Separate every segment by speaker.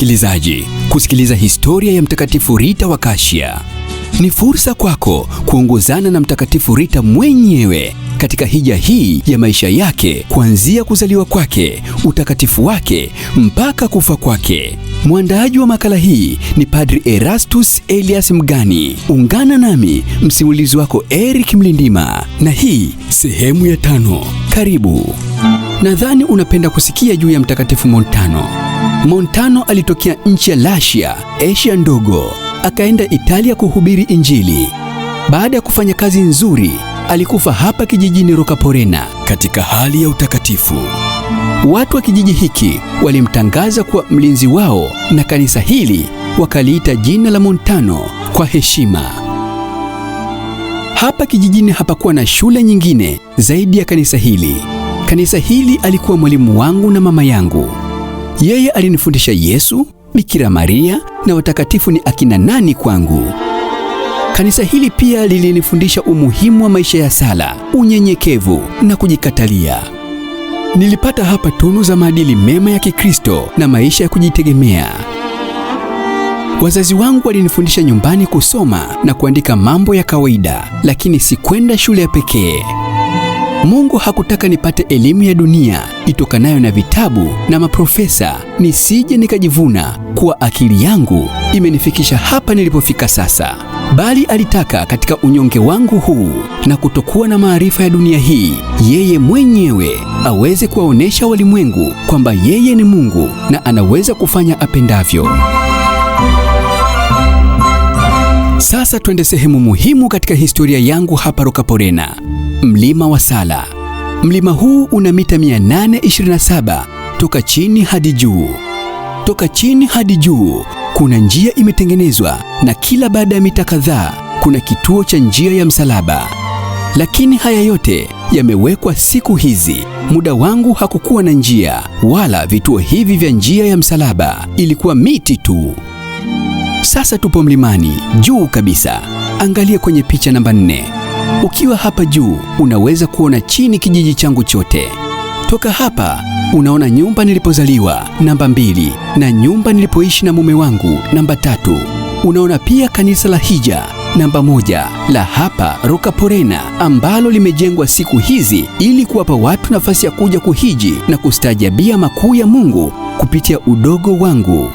Speaker 1: msikilizaji, kusikiliza historia ya Mtakatifu Rita wa Kashia. Ni fursa kwako kuongozana na Mtakatifu Rita mwenyewe katika hija hii ya maisha yake, kuanzia kuzaliwa kwake, utakatifu wake mpaka kufa kwake. Mwandaaji wa makala hii ni Padri Erastus Elias Mgani. Ungana nami msimulizi wako Eric Mlindima, na hii sehemu ya tano. Karibu. Nadhani unapenda kusikia juu ya Mtakatifu Montano. Montano alitokea nchi ya Lasia, Asia ndogo, akaenda Italia kuhubiri Injili. Baada ya kufanya kazi nzuri, alikufa hapa kijijini Rocaporena katika hali ya utakatifu. Watu wa kijiji hiki walimtangaza kuwa mlinzi wao na kanisa hili wakaliita jina la Montano kwa heshima. Hapa kijijini hapakuwa na shule nyingine zaidi ya kanisa hili. Kanisa hili alikuwa mwalimu wangu na mama yangu. Yeye alinifundisha Yesu, Bikira Maria na watakatifu ni akina nani kwangu. Kanisa hili pia lilinifundisha umuhimu wa maisha ya sala, unyenyekevu na kujikatalia. Nilipata hapa tunu za maadili mema ya Kikristo na maisha ya kujitegemea. Wazazi wangu walinifundisha nyumbani kusoma na kuandika mambo ya kawaida, lakini sikwenda shule ya pekee. Mungu hakutaka nipate elimu ya dunia itokanayo na vitabu na maprofesa, nisije nikajivuna kuwa akili yangu imenifikisha hapa nilipofika sasa, bali alitaka katika unyonge wangu huu na kutokuwa na maarifa ya dunia hii, yeye mwenyewe aweze kuwaonesha walimwengu kwamba yeye ni Mungu na anaweza kufanya apendavyo. Sasa twende sehemu muhimu katika historia yangu hapa Rokaporena, mlima wa Sala. Mlima huu una mita 827 toka chini hadi juu. Toka chini hadi juu kuna njia imetengenezwa, na kila baada ya mita kadhaa kuna kituo cha njia ya msalaba. Lakini haya yote yamewekwa siku hizi. Muda wangu hakukuwa na njia wala vituo hivi vya njia ya msalaba, ilikuwa miti tu. Sasa tupo mlimani juu kabisa. Angalia kwenye picha namba nne. Ukiwa hapa juu unaweza kuona chini kijiji changu chote. Toka hapa unaona nyumba nilipozaliwa namba mbili, na nyumba nilipoishi na mume wangu namba tatu. Unaona pia kanisa la Hija namba moja la hapa Rokaporena ambalo limejengwa siku hizi ili kuwapa watu nafasi ya kuja kuhiji na kustaajabia makuu ya Mungu kupitia udogo wangu.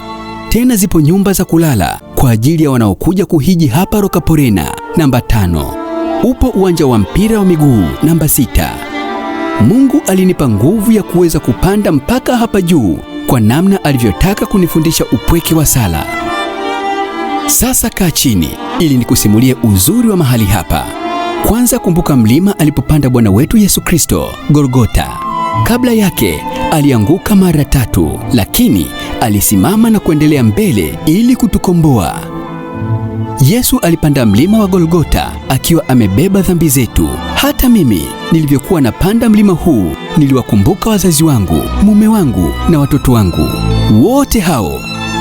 Speaker 1: Tena zipo nyumba za kulala kwa ajili ya wanaokuja kuhiji hapa Rokaporena. Namba tano, upo uwanja wa mpira wa miguu. Namba sita, Mungu alinipa nguvu ya kuweza kupanda mpaka hapa juu kwa namna alivyotaka kunifundisha upweke wa sala. Sasa kaa chini ili nikusimulie uzuri wa mahali hapa. Kwanza kumbuka mlima alipopanda Bwana wetu Yesu Kristo, Golgota. Kabla yake alianguka mara tatu, lakini alisimama na kuendelea mbele ili kutukomboa. Yesu alipanda mlima wa Golgota akiwa amebeba dhambi zetu. Hata mimi nilivyokuwa napanda mlima huu, niliwakumbuka wazazi wangu, mume wangu na watoto wangu. Wote hao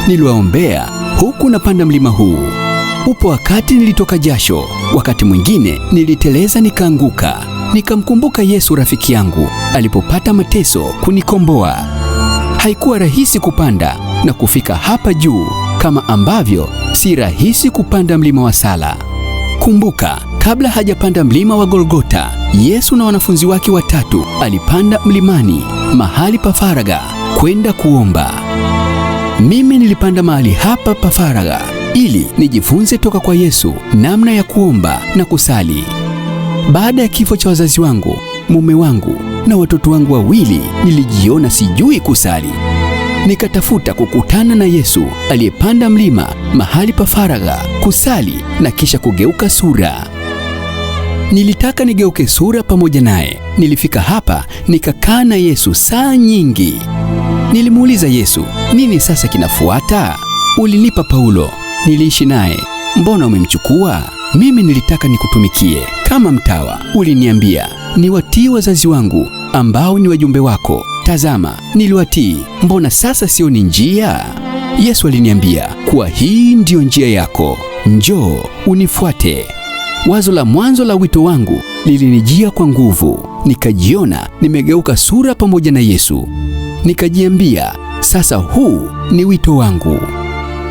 Speaker 1: niliwaombea huku napanda mlima huu. Upo wakati nilitoka jasho, wakati mwingine niliteleza nikaanguka. Nikamkumbuka Yesu rafiki yangu alipopata mateso kunikomboa haikuwa rahisi kupanda na kufika hapa juu kama ambavyo si rahisi kupanda mlima wa sala. Kumbuka, kabla hajapanda mlima wa Golgota, Yesu na wanafunzi wake watatu alipanda mlimani, mahali pa faragha, kwenda kuomba. Mimi nilipanda mahali hapa pa faraga ili nijifunze toka kwa Yesu namna ya kuomba na kusali. Baada ya kifo cha wazazi wangu, mume wangu na watoto wangu wawili, nilijiona sijui kusali. Nikatafuta kukutana na Yesu aliyepanda mlima mahali pa faragha kusali na kisha kugeuka sura. Nilitaka nigeuke sura pamoja naye. Nilifika hapa nikakaa na Yesu saa nyingi. Nilimuuliza Yesu, nini sasa kinafuata? Ulinipa Paulo, niliishi naye, mbona umemchukua? Mimi nilitaka nikutumikie kama mtawa, uliniambia niwatii wazazi wangu ambao ni wajumbe wako. Tazama, niliwatii, mbona sasa sio ni njia? Yesu aliniambia kuwa hii ndiyo njia yako, njoo unifuate. Wazo la mwanzo la wito wangu lilinijia kwa nguvu, nikajiona nimegeuka sura pamoja na Yesu. Nikajiambia, sasa huu ni wito wangu.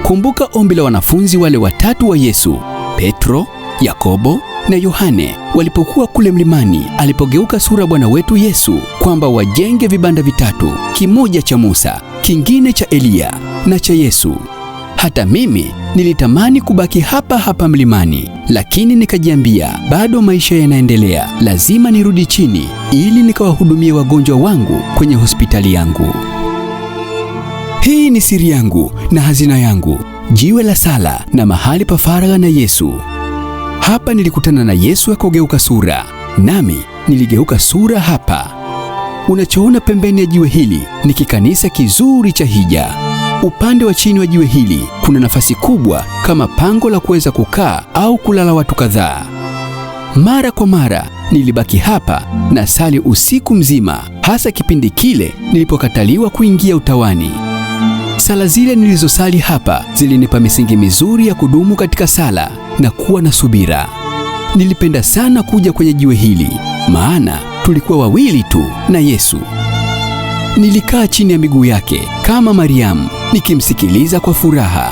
Speaker 1: Kumbuka ombi la wanafunzi wale watatu wa Yesu Petro, Yakobo na Yohane walipokuwa kule mlimani, alipogeuka sura Bwana wetu Yesu kwamba wajenge vibanda vitatu, kimoja cha Musa, kingine cha Eliya na cha Yesu. Hata mimi nilitamani kubaki hapa hapa mlimani, lakini nikajiambia, bado maisha yanaendelea, lazima nirudi chini ili nikawahudumie wagonjwa wangu kwenye hospitali yangu. Hii ni siri yangu na hazina yangu jiwe la sala na mahali pa faragha na Yesu. Hapa nilikutana na Yesu akogeuka sura, nami niligeuka sura hapa. Unachoona pembeni ya jiwe hili ni kikanisa kizuri cha hija. Upande wa chini wa jiwe hili kuna nafasi kubwa kama pango la kuweza kukaa au kulala watu kadhaa. Mara kwa mara nilibaki hapa na sali usiku mzima, hasa kipindi kile nilipokataliwa kuingia utawani. Sala zile nilizosali hapa zilinipa misingi mizuri ya kudumu katika sala na kuwa na subira. Nilipenda sana kuja kwenye jiwe hili, maana tulikuwa wawili tu na Yesu. Nilikaa chini ya miguu yake kama Mariamu, nikimsikiliza kwa furaha.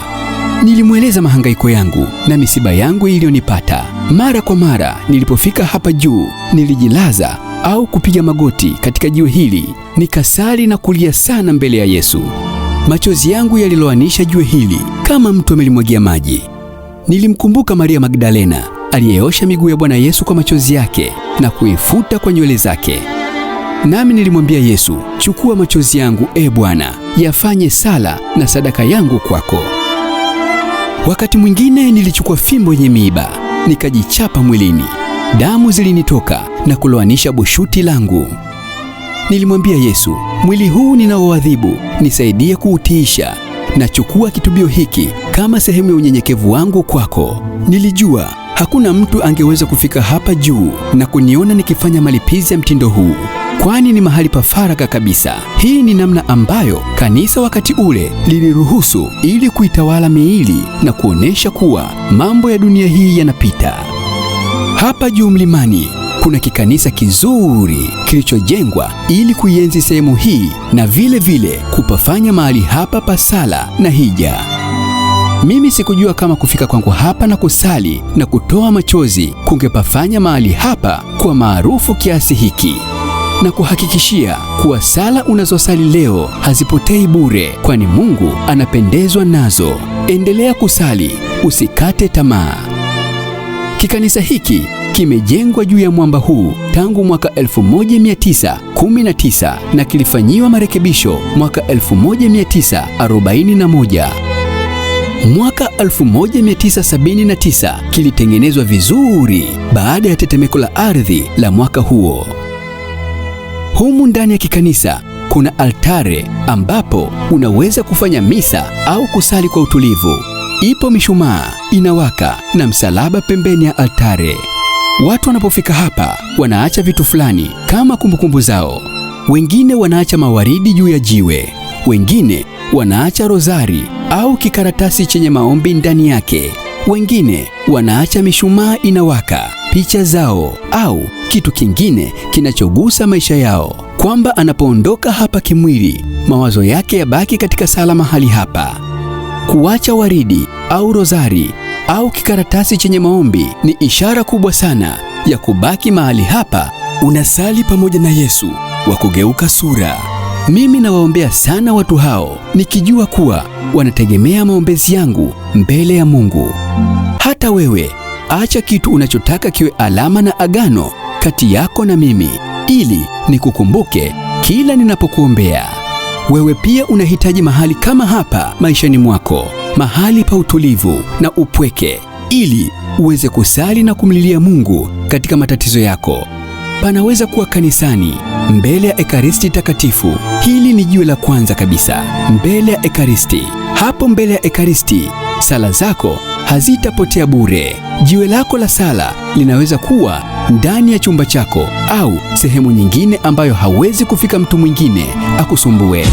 Speaker 1: Nilimweleza mahangaiko yangu na misiba yangu iliyonipata. Mara kwa mara nilipofika hapa juu, nilijilaza au kupiga magoti katika jiwe hili, nikasali na kulia sana mbele ya Yesu. Machozi yangu yaliloanisha jiwe hili kama mtu amelimwagia maji. Nilimkumbuka Maria Magdalena aliyeosha miguu ya Bwana Yesu kwa machozi yake na kuifuta kwa nywele zake. Nami nilimwambia Yesu, chukua machozi yangu, e Bwana, yafanye sala na sadaka yangu kwako. Wakati mwingine nilichukua fimbo yenye miiba nikajichapa mwilini. Damu zilinitoka na kuloanisha bushuti langu. Nilimwambia Yesu, mwili huu ninaoadhibu nisaidie kuutiisha. Nachukua kitubio hiki kama sehemu ya unyenyekevu wangu kwako. Nilijua hakuna mtu angeweza kufika hapa juu na kuniona nikifanya malipizi ya mtindo huu, kwani ni mahali pa faraga kabisa. Hii ni namna ambayo kanisa wakati ule liliruhusu ili kuitawala miili na kuonesha kuwa mambo ya dunia hii yanapita. Hapa juu mlimani kuna kikanisa kizuri kilichojengwa ili kuienzi sehemu hii na vile vile kupafanya mahali hapa pa sala na hija. Mimi sikujua kama kufika kwangu hapa na kusali na kutoa machozi kungepafanya mahali hapa kwa maarufu kiasi hiki na kuhakikishia kuwa sala unazosali leo hazipotei bure, kwani Mungu anapendezwa nazo. Endelea kusali, usikate tamaa. Kikanisa hiki kimejengwa juu ya mwamba huu tangu mwaka 1919 na kilifanyiwa marekebisho mwaka 1941. Mwaka 1979 kilitengenezwa vizuri baada ya tetemeko la ardhi la mwaka huo. Humu ndani ya kikanisa kuna altare ambapo unaweza kufanya misa au kusali kwa utulivu. Ipo mishumaa inawaka na msalaba pembeni ya altare. Watu wanapofika hapa wanaacha vitu fulani kama kumbukumbu zao. Wengine wanaacha mawaridi juu ya jiwe, wengine wanaacha rozari au kikaratasi chenye maombi ndani yake, wengine wanaacha mishumaa inawaka, picha zao au kitu kingine kinachogusa maisha yao, kwamba anapoondoka hapa kimwili mawazo yake yabaki katika sala mahali hapa. Kuacha waridi au rozari au kikaratasi chenye maombi ni ishara kubwa sana ya kubaki mahali hapa. Unasali pamoja na Yesu wa kugeuka sura. Mimi nawaombea sana watu hao nikijua kuwa wanategemea maombezi yangu mbele ya Mungu. Hata wewe acha kitu unachotaka kiwe alama na agano kati yako na mimi, ili nikukumbuke kila ninapokuombea. Wewe pia unahitaji mahali kama hapa maishani mwako, mahali pa utulivu na upweke, ili uweze kusali na kumlilia Mungu katika matatizo yako. Panaweza kuwa kanisani, mbele ya Ekaristi Takatifu. Hili ni jiwe la kwanza kabisa, mbele ya Ekaristi. Hapo mbele ya Ekaristi, sala zako hazitapotea bure. Jiwe lako la sala linaweza kuwa ndani ya chumba chako au sehemu nyingine ambayo hawezi kufika mtu mwingine akusumbue.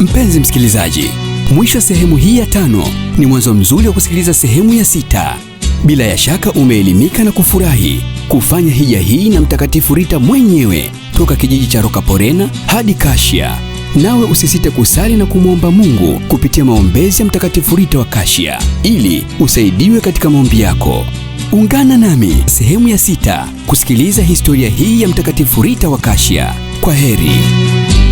Speaker 1: Mpenzi msikilizaji, mwisho wa sehemu hii ya tano ni mwanzo mzuri wa kusikiliza sehemu ya sita. Bila ya shaka umeelimika na kufurahi kufanya hija hii na Mtakatifu Rita mwenyewe toka kijiji cha Rokaporena hadi Kashia. Nawe usisite kusali na kumwomba Mungu kupitia maombezi ya Mtakatifu Rita wa Kashia ili usaidiwe katika maombi yako. Ungana nami sehemu ya sita kusikiliza historia hii ya Mtakatifu Rita wa Kashia. Kwa heri.